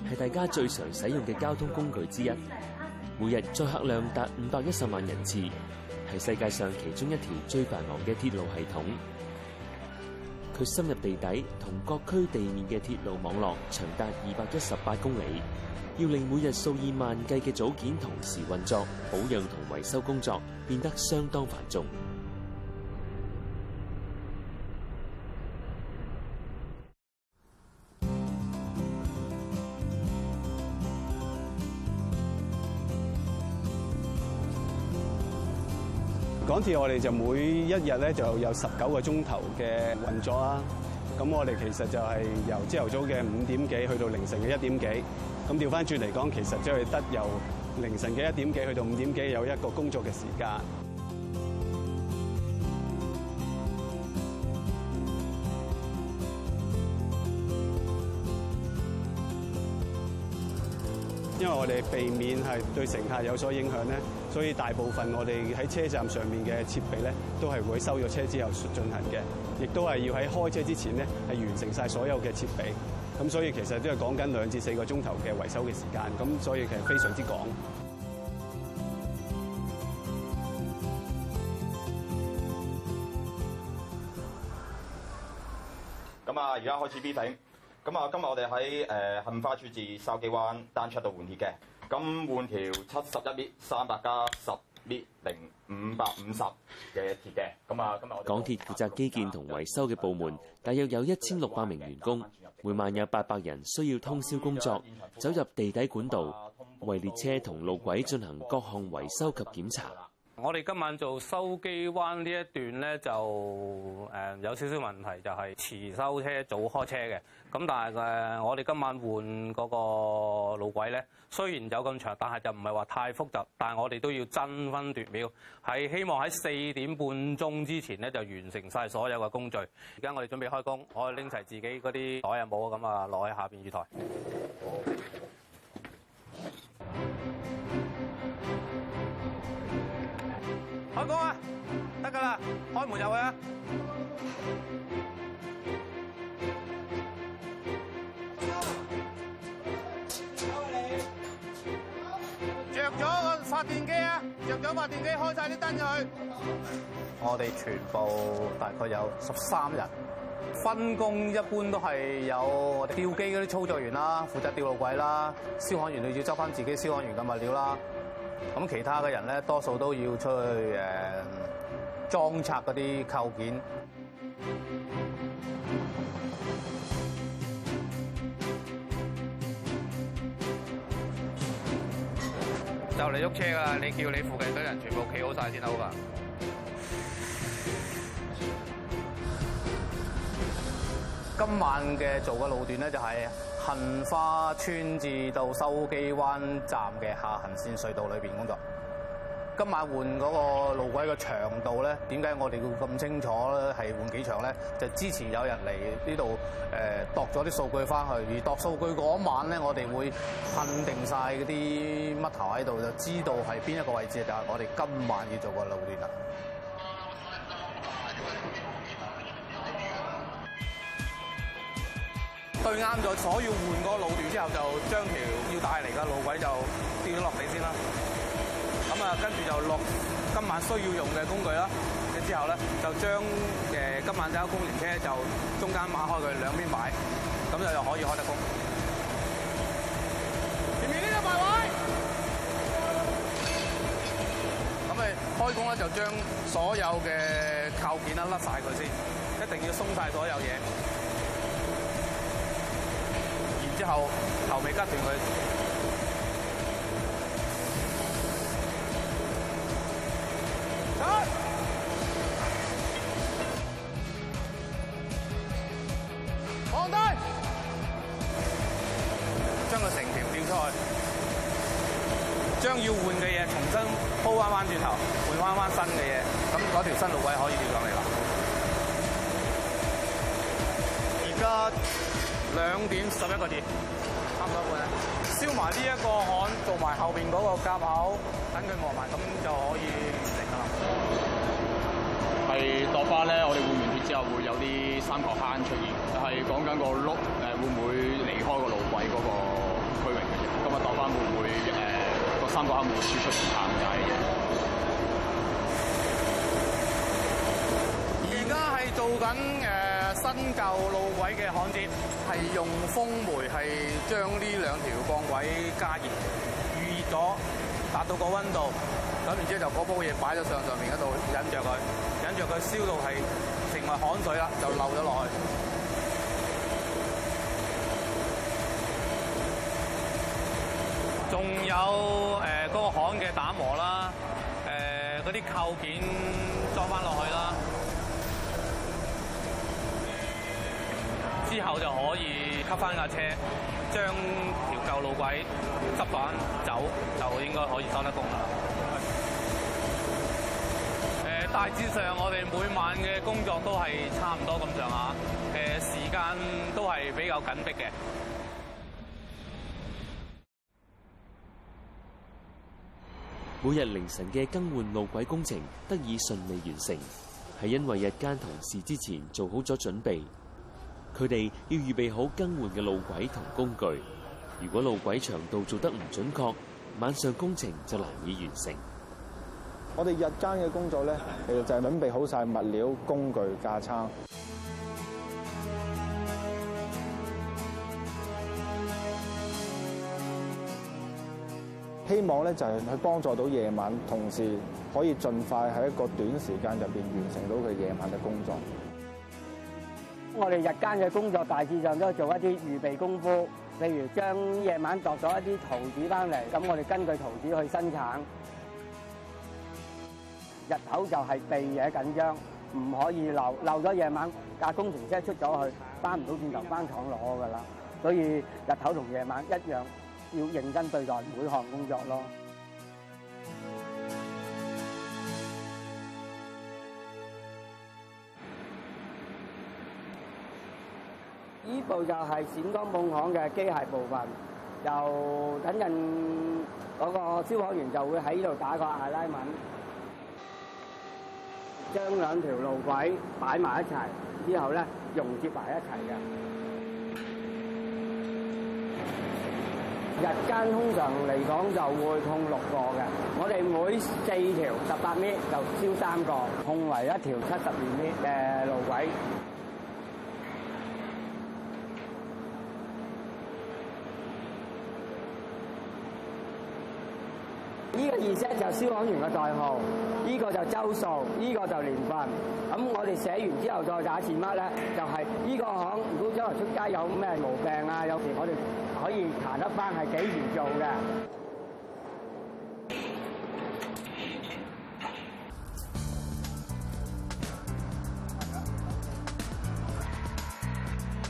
係大家最常使用嘅交通工具之一，每日載客量達五百一十萬人次，係世界上其中一條最繁忙嘅鐵路系統。佢深入地底，同各區地面嘅鐵路網絡長達二百一十八公里，要令每日數以萬計嘅組件同時運作，保養同維修工作變得相當繁重。我哋就每一日咧就有十九個鐘頭嘅運作啦。咁我哋其實就係由朝頭早嘅五點幾去到凌晨嘅一點幾，咁調翻轉嚟講，其實即係得由凌晨嘅一點幾去到五點幾有一個工作嘅時間。我哋避免係對乘客有所影響咧，所以大部分我哋喺車站上面嘅設備咧，都係會收咗車之後進行嘅，亦都係要喺開車之前咧係完成晒所有嘅設備。咁所以其實都係講緊兩至四個鐘頭嘅維修嘅時間。咁所以其實非常之趕。咁啊，而家開始 B 停。咁啊，今日我哋喺誒杏花邨至筲箕灣單出度換鐵嘅，咁換條七十一米三百加十米零五百五十嘅鐵嘅。咁啊，今日港鐵負責基建同維修嘅部門，大約有一千六百名員工，每晚有八百人需要通宵工作，走入地底管道，為列車同路軌進行各項維修及檢查。我哋今晚做筲箕灣呢一段呢，就誒、嗯、有少少問題，就係、是、遲收車、早開車嘅。咁但係誒、呃，我哋今晚換嗰個路軌呢，雖然有咁長，但係就唔係話太複雜。但係我哋都要爭分奪秒，係希望喺四點半鐘之前呢，就完成晒所有嘅工序。而家我哋準備開工，我哋拎齊自己嗰啲袋啊帽咁啊，攞喺下邊雨台。阿哥啊，得噶啦，開門入去啊！着咗個發電機啊！着咗發電機開晒啲燈佢去。我哋全部大概有十三人，分工一般都係有我哋吊機嗰啲操作員啦，負責吊路軌啦；消防員你要執翻自己消防員嘅物料啦。咁其他嘅人咧，多數都要出去誒裝拆嗰啲構件，就嚟喐車啦！你叫你附近啲人全部企好晒先得好噶。今晚嘅做嘅路段咧，就係、是，杏花村至到筲箕灣站嘅下行線隧道裏邊工作。今晚換嗰個路軌嘅長度咧，點解我哋要咁清楚咧？係換幾長咧？就是、之前有人嚟呢度誒度咗啲數據翻去，而度數據嗰晚咧，我哋會噴定晒嗰啲乜頭喺度，就知道係邊一個位置就係我哋今晚要做個路段啦。對啱咗，所以換個路段之後，就將條要帶嚟嘅路軌就跌咗落地先啦。咁啊，跟住就落今晚需要用嘅工具啦。咁之後咧，就將誒今晚揸工程車就中間抹開佢，兩邊擺，咁就又可以開得工。前面呢個排位。咁啊，開工咧就將所有嘅構件咧甩曬佢先，一定要鬆曬所有嘢。之後頭尾跟住佢，出，放低，將個成條掉出去，將要換嘅嘢重新鋪返返轉頭，換返返新嘅嘢，咁嗰條新路位可以掉上嚟啦，而家。兩點十一個字，差唔多換燒埋呢一個焊，做埋後面嗰個夾口，等佢磨埋，咁就可以完成啦。係落返咧，我哋換完血之後會有啲三角坑出現，係講緊個碌誒會唔會離開個路軌嗰個區域嘅嘢。咁啊，落翻會唔會個三角坑會輸出唔鏽界嘅嘢？而家係做緊誒新舊路軌嘅焊接係用風煤，係將呢兩條鋼軌加熱預熱咗，達到個溫度，咁然之後就嗰煲嘢擺咗上上面嗰度引着佢，引着佢燒到係成為焊水啦，就漏咗落去。仲有誒嗰、呃嗰個焊嘅打磨啦，誒嗰啲扣件裝翻落去啦。之後就可以吸翻架車，將條舊路軌執返走，就應該可以收得工啦。大致上我哋每晚嘅工作都係差唔多咁上下，時間都係比較緊迫嘅。每日凌晨嘅更換路軌工程得以順利完成，係因為日間同事之前做好咗準備。佢哋要預備好更換嘅路軌同工具。如果路軌長度做得唔準確，晚上工程就難以完成。我哋日間嘅工作咧，其實就係準備好晒物料、工具、架撐，希望咧就係去幫助到夜晚，同時可以盡快喺一個短時間入邊完成到佢夜晚嘅工作。我哋日間嘅工作大致上都做一啲預備功夫，譬如將夜晚作咗一啲圖紙翻嚟，咁我哋根據圖紙去生產。日頭就係避嘢緊張，唔可以漏漏咗夜晚架工程車出咗去，翻唔到轉頭翻廠攞噶啦。所以日頭同夜晚一樣，要認真對待每項工作咯。呢部就係閃光泵行嘅機械部分，就等陣嗰個消防員就會喺呢度打個阿拉敏，將兩條路軌擺埋一齊，之後咧熔接埋一齊嘅。日間通常嚟講就會控六個嘅，我哋每四條十八米就燒三個，控為一條七十二米嘅路軌。意思 e t 就消防員嘅代號，依個就周數，依個就年份。咁我哋寫完之後再打字乜咧？就係依個行，如果將來出街有咩毛病啊，有時我哋可以查得翻係幾嚴重嘅。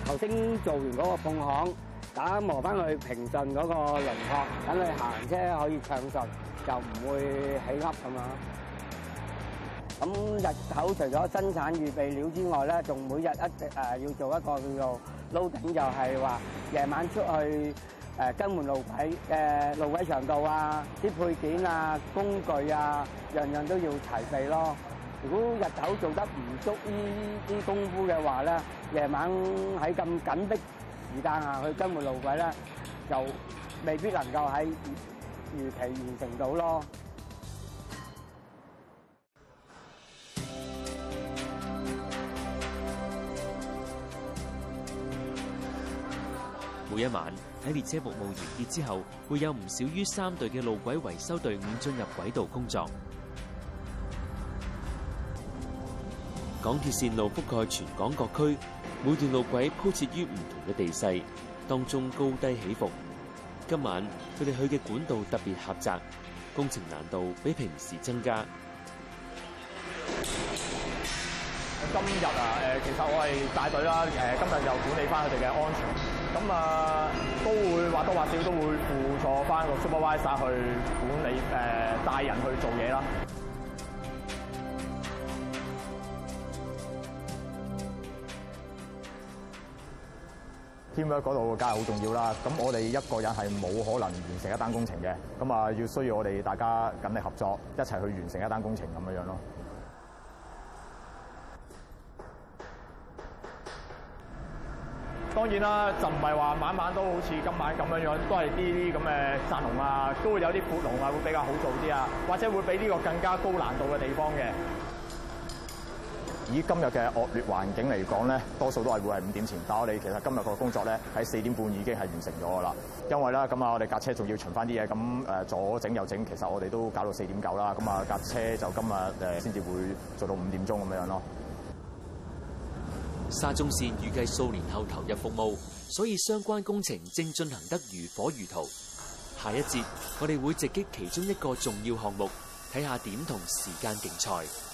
頭先做完嗰個碰行，打磨翻去平順嗰個輪廓，等佢行車可以暢順，就唔會起凹咁樣。咁日頭除咗生產預備料之外咧，仲每日一直誒要做一個叫做 loading，就係話夜晚出去誒更換路軌嘅路軌長度啊、啲配件啊、工具啊，樣樣都要齊備咯。如果日頭做得唔足呢啲功夫嘅話咧，夜晚喺咁緊逼時間啊去更換路軌咧，就未必能夠喺。如期完成到咯！每一晚喺列車服務完結之後，會有唔少於三隊嘅路軌維修隊伍進入軌道工作。港鐵線路覆蓋全港各區，每段路軌鋪設於唔同嘅地勢，當中高低起伏。今晚佢哋去嘅管道特別狹窄，工程難度比平時增加。今日啊、呃，其實我係帶隊啦，今日又管理返佢哋嘅安全，咁啊，都會或多或少都會輔助返個 supervisor 去管理，誒、呃，帶人去做嘢啦。teamwork 嗰度梗係好重要啦！咁我哋一個人係冇可能完成一單工程嘅，咁啊要需要我哋大家緊力合作，一齊去完成一單工程咁樣囉。咯。當然啦，就唔係話晚晚都好似今晚咁樣樣，都係啲啲咁嘅窄龍啊，都會有啲闊龍啊，會比較好做啲啊，或者會比呢個更加高難度嘅地方嘅。以今日嘅惡劣環境嚟講咧，多數都係會係五點前。但我哋其實今日個工作咧，喺四點半已經係完成咗嘅啦。因為咧，咁啊，我哋架車仲要巡返啲嘢，咁誒左整右整，其實我哋都搞到四點九啦。咁啊，架車就今日誒先至會做到五點鐘咁樣咯。沙中線預計數年後投入服務，所以相關工程正進行得如火如荼。下一節我哋會直擊其中一個重要項目，睇下點同時間競賽。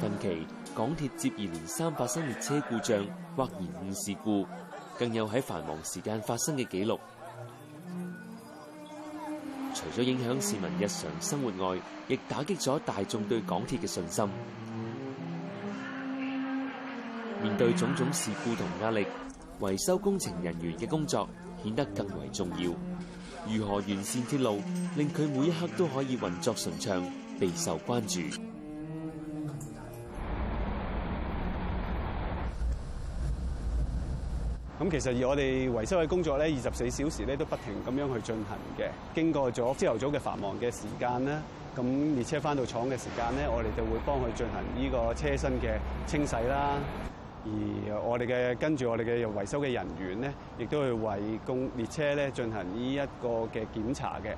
近期港鐵接二連三發生列車故障或延誤事故，更有喺繁忙時間發生嘅記錄。除咗影響市民日常生活外，亦打擊咗大眾對港鐵嘅信心。面對種種事故同壓力，維修工程人員嘅工作顯得更為重要。如何完善鐵路，令佢每一刻都可以運作順暢，備受關注。其實，我哋維修嘅工作咧，二十四小時咧都不停咁樣去進行嘅。經過咗朝頭早嘅繁忙嘅時間咧，咁列車返到廠嘅時間咧，我哋就會幫佢進行呢個車身嘅清洗啦。而我哋嘅跟住我哋嘅維修嘅人員咧，亦都去為供列車咧進行呢一個嘅檢查嘅。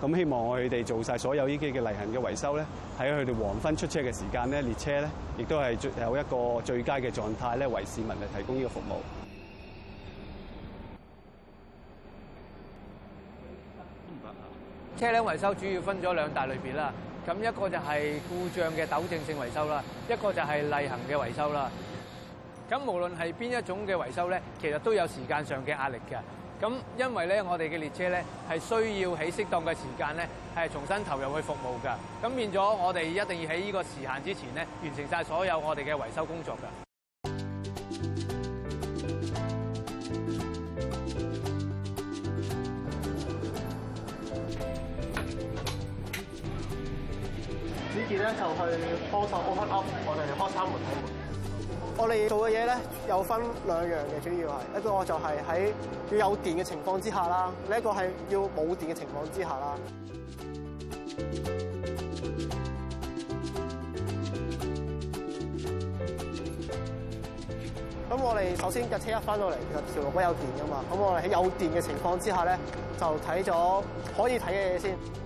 咁希望我哋做晒所有呢啲嘅例行嘅維修咧，喺佢哋黃昏出車嘅時間咧，列車咧亦都係有一個最佳嘅狀態咧，為市民嚟提供呢個服務。車輛維修主要分咗兩大類別啦，咁一個就係故障嘅糾正性維修啦，一個就係例行嘅維修啦。咁無論係邊一種嘅維修咧，其實都有時間上嘅壓力嘅。咁因為咧，我哋嘅列車咧係需要喺適當嘅時間咧係重新投入去服務㗎。咁變咗我哋一定要喺呢個時限之前咧完成晒所有我哋嘅維修工作㗎。幫手 open up，我哋開三門。我哋做嘅嘢咧，有分兩樣嘅，主要係一個就係喺要有電嘅情況之下啦，另一個係要冇電嘅情況之下啦。咁我哋首先架車一翻到嚟，其實條路都有電噶嘛。咁我哋喺有電嘅情況之下咧，就睇咗可以睇嘅嘢先。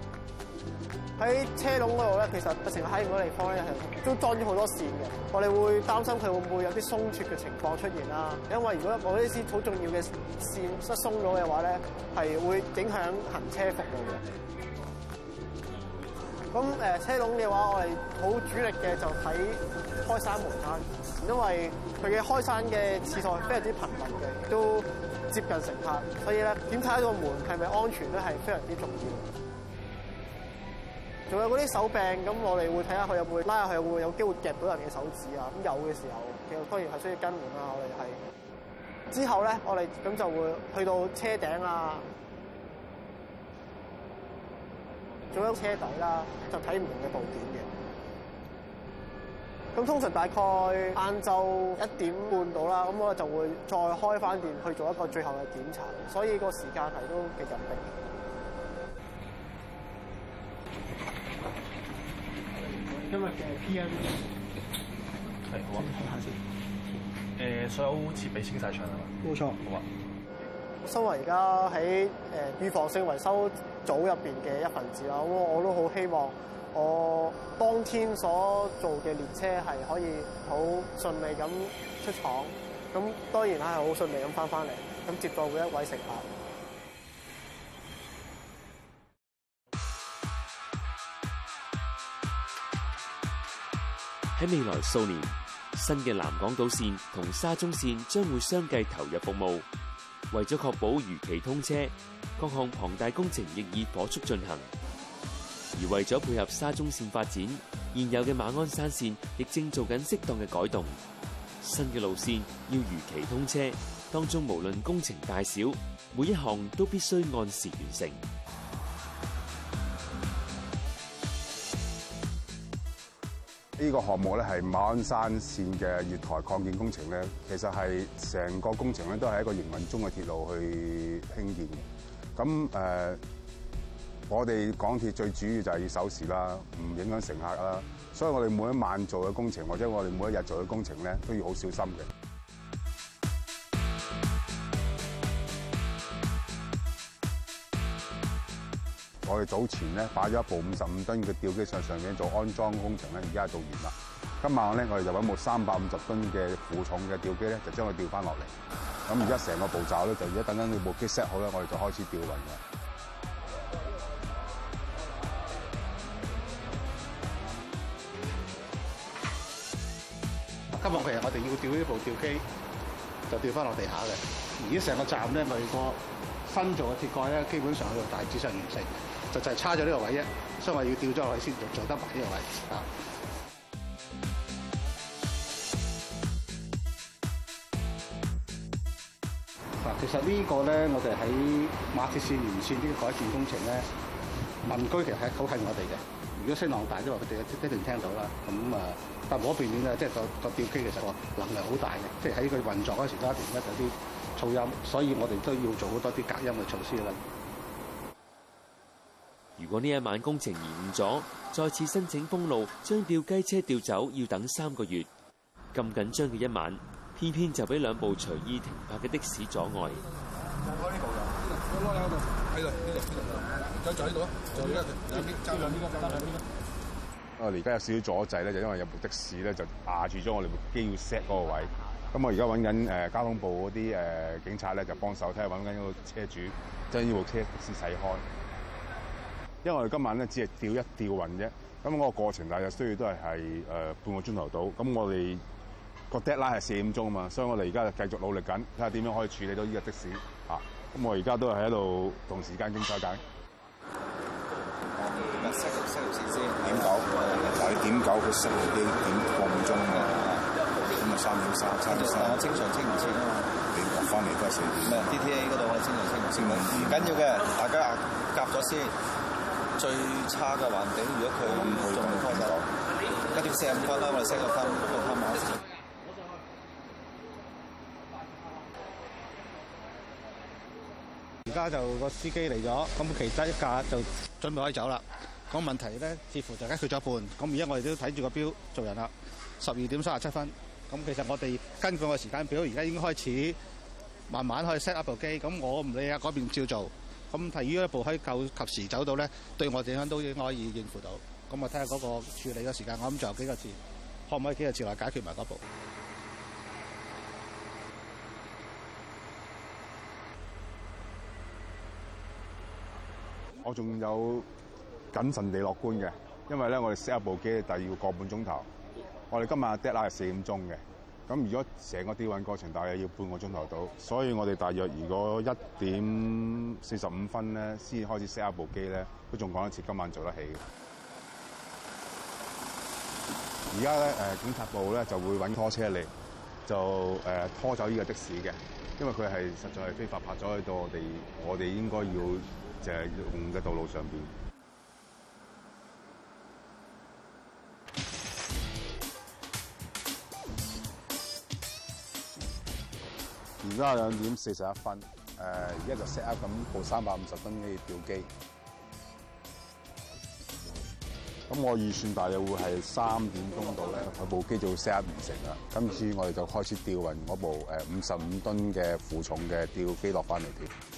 喺車籠嗰度咧，其實成日喺唔同嘅地方咧，係都裝咗好多線嘅。我哋會擔心佢會唔會有啲鬆脱嘅情況出現啦。因為如果一個呢啲好重要嘅線失鬆咗嘅話咧，係會影響行車服務嘅。咁誒，車籠嘅話，我係好主力嘅，就睇開閂門，因為佢嘅開閂嘅次數非常之頻密嘅，都接近乘客，所以咧，點睇個門係咪安全咧，係非常之重要。仲有嗰啲手柄，咁我哋會睇下佢有冇拉下去，佢有冇有機會夾到人嘅手指啊？咁有嘅時候，其實當然係需要更換啦。我哋係之後咧，我哋咁就會去到車頂啊，仲有車底啦，就睇唔同嘅部件嘅。咁通常大概晏晝一點半到啦，咁我就會再開翻電去做一個最後嘅檢查，所以個時間係都其實幾緊迫。今日嘅 P M，係好啊，睇下先。誒、呃，所有設備清晒場啊嘛，冇錯。好啊。身為而家喺誒預防性維修組入邊嘅一分子啦，我都好希望我當天所做嘅列車係可以好順利咁出廠。咁當然啦，係好順利咁翻返嚟，咁接到每一位乘客。喺未來數年，新嘅南港島綫同沙中綫將會相繼投入服務。為咗確保如期通車，各項龐大工程亦已火速進行。而為咗配合沙中綫發展，現有嘅馬鞍山綫亦正做緊適當嘅改動。新嘅路綫要如期通車，當中無論工程大小，每一項都必須按時完成。呢個項目咧，係馬鞍山線嘅月台擴建工程咧，其實係成個工程咧都係一個營運中嘅鐵路去興建嘅。咁誒，我哋港鐵最主要就係要守時啦，唔影響乘客啦。所以我哋每一晚做嘅工程，或者我哋每一日做嘅工程咧，都要好小心嘅。我哋早前咧擺咗一部五十五噸嘅吊機上上邊做安裝工程咧，而家做完啦。今晚咧，我哋就揾部三百五十噸嘅負重嘅吊機咧，就將佢吊翻落嚟。咁而家成個步驟咧，就而家等緊部機 set 好咧，我哋就開始吊運。今日其實我哋要吊呢部吊機，就吊翻落地下嘅。而家成個站咧，咪個新做嘅鐵蓋咧，基本上喺度大致上完成。就就係差咗呢個位啫，所以我要吊咗落去先就做得埋呢個位啊。嗱，其實呢個咧，我哋喺馬鐵線沿線啲改善工程咧，民居其實係好近我哋嘅。如果聲浪大啲話，即係話佢哋一定聽到啦。咁啊，但無可避免咧，即係個個吊機其實個能量好大嘅，即係喺佢運作嗰時都一定咧，有啲噪音，所以我哋都要做好多啲隔音嘅措施啦。如果呢一晚工程延誤咗，再次申請封路，將吊機車吊走，要等三個月。咁緊張嘅一晚，偏偏就俾兩部隨意停泊嘅的士阻礙。開呢部啦，開啦喺度，喺度喺度，再坐喺度咯，坐呢一邊，爭上呢個，爭上呢個。我哋而家有少少阻滯咧，就因為有部的士咧就霸住咗我哋部機要 set 嗰個位。咁我而家揾緊誒交通部嗰啲誒警察，咧就幫手，睇下揾緊個車主將呢部車先駛開。因為我哋今晚咧只係吊一吊運啫，咁嗰個過程大約需要都係係、呃、半個鐘頭到。咁、呃、我哋個 deadline 係四點鐘啊嘛，所以我哋而家就繼續努力緊，睇下點樣可以處理到呢個的士啊。咁我而家都係喺度同時間傾緊偈。我點解西六西先點九？嗱，點九佢西六線點半鐘嘅？咁啊，三點三差唔多。啊，正常清唔清啊？在你落方面都係四點咩？D T A 嗰度我正常清唔清唔緊要嘅，大家夾咗先。最差嘅環境，如果佢仲未開得路，一點四十五分啦，我哋四十五分。而家就個司機嚟咗，咁其他一架就準備可以走啦。咁問題咧，似乎就解決咗一半。咁而家我哋都睇住個表做人啦，十二點三十七分。咁其實我哋根據個時間表，而家已經開始慢慢去 set up 部機。咁我唔理啊，嗰邊照做。咁提於一步，可以夠及時走到咧，對我哋咧都應該可以應付到。咁啊，睇下嗰個處理嘅時間，我諗仲有幾個字，可唔可以幾個字內解決埋嗰部？我仲有謹慎地樂觀嘅，因為咧，我哋 set 一部機，第二個個半鐘頭。我哋今晚 deadline 係四點鐘嘅。咁如果成個吊運過程大約要半個鐘頭到，所以我哋大約如果一點四十五分咧先開始 set 下部機咧，都仲趕得切今晚做得起嘅。而家咧，誒警察部咧就會搵拖車嚟，就拖走呢個的士嘅，因為佢係實在係非法泊咗喺度，我哋我哋應該要就係用嘅道路上面。而家兩點四十一分，而家就 set up 咁部三百五十噸嘅吊機，咁我預算大約會係三點鐘到咧，佢部機就會 set up 完成啦。今次我哋就開始吊運嗰部誒五十五噸嘅負重嘅吊機落翻嚟調。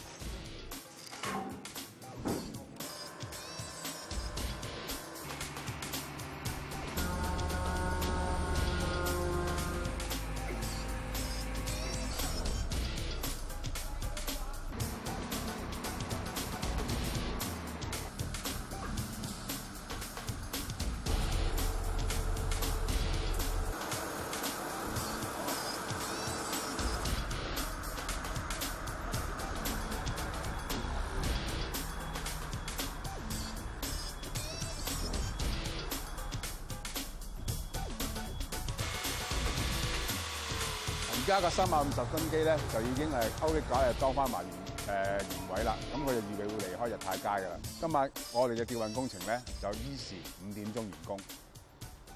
而家嘅三百五十噸機咧就已經誒，勾力架又裝翻埋誒，原位啦。咁佢就預備會離開日泰街噶啦。今日我哋嘅吊運工程咧就依時五點鐘完工，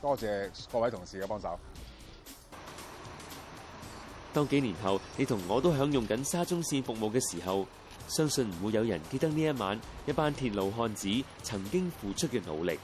多謝各位同事嘅幫手。當幾年後，你同我都享用緊沙中線服務嘅時候，相信唔會有人記得呢一晚一班鐵路漢子曾經付出嘅努力。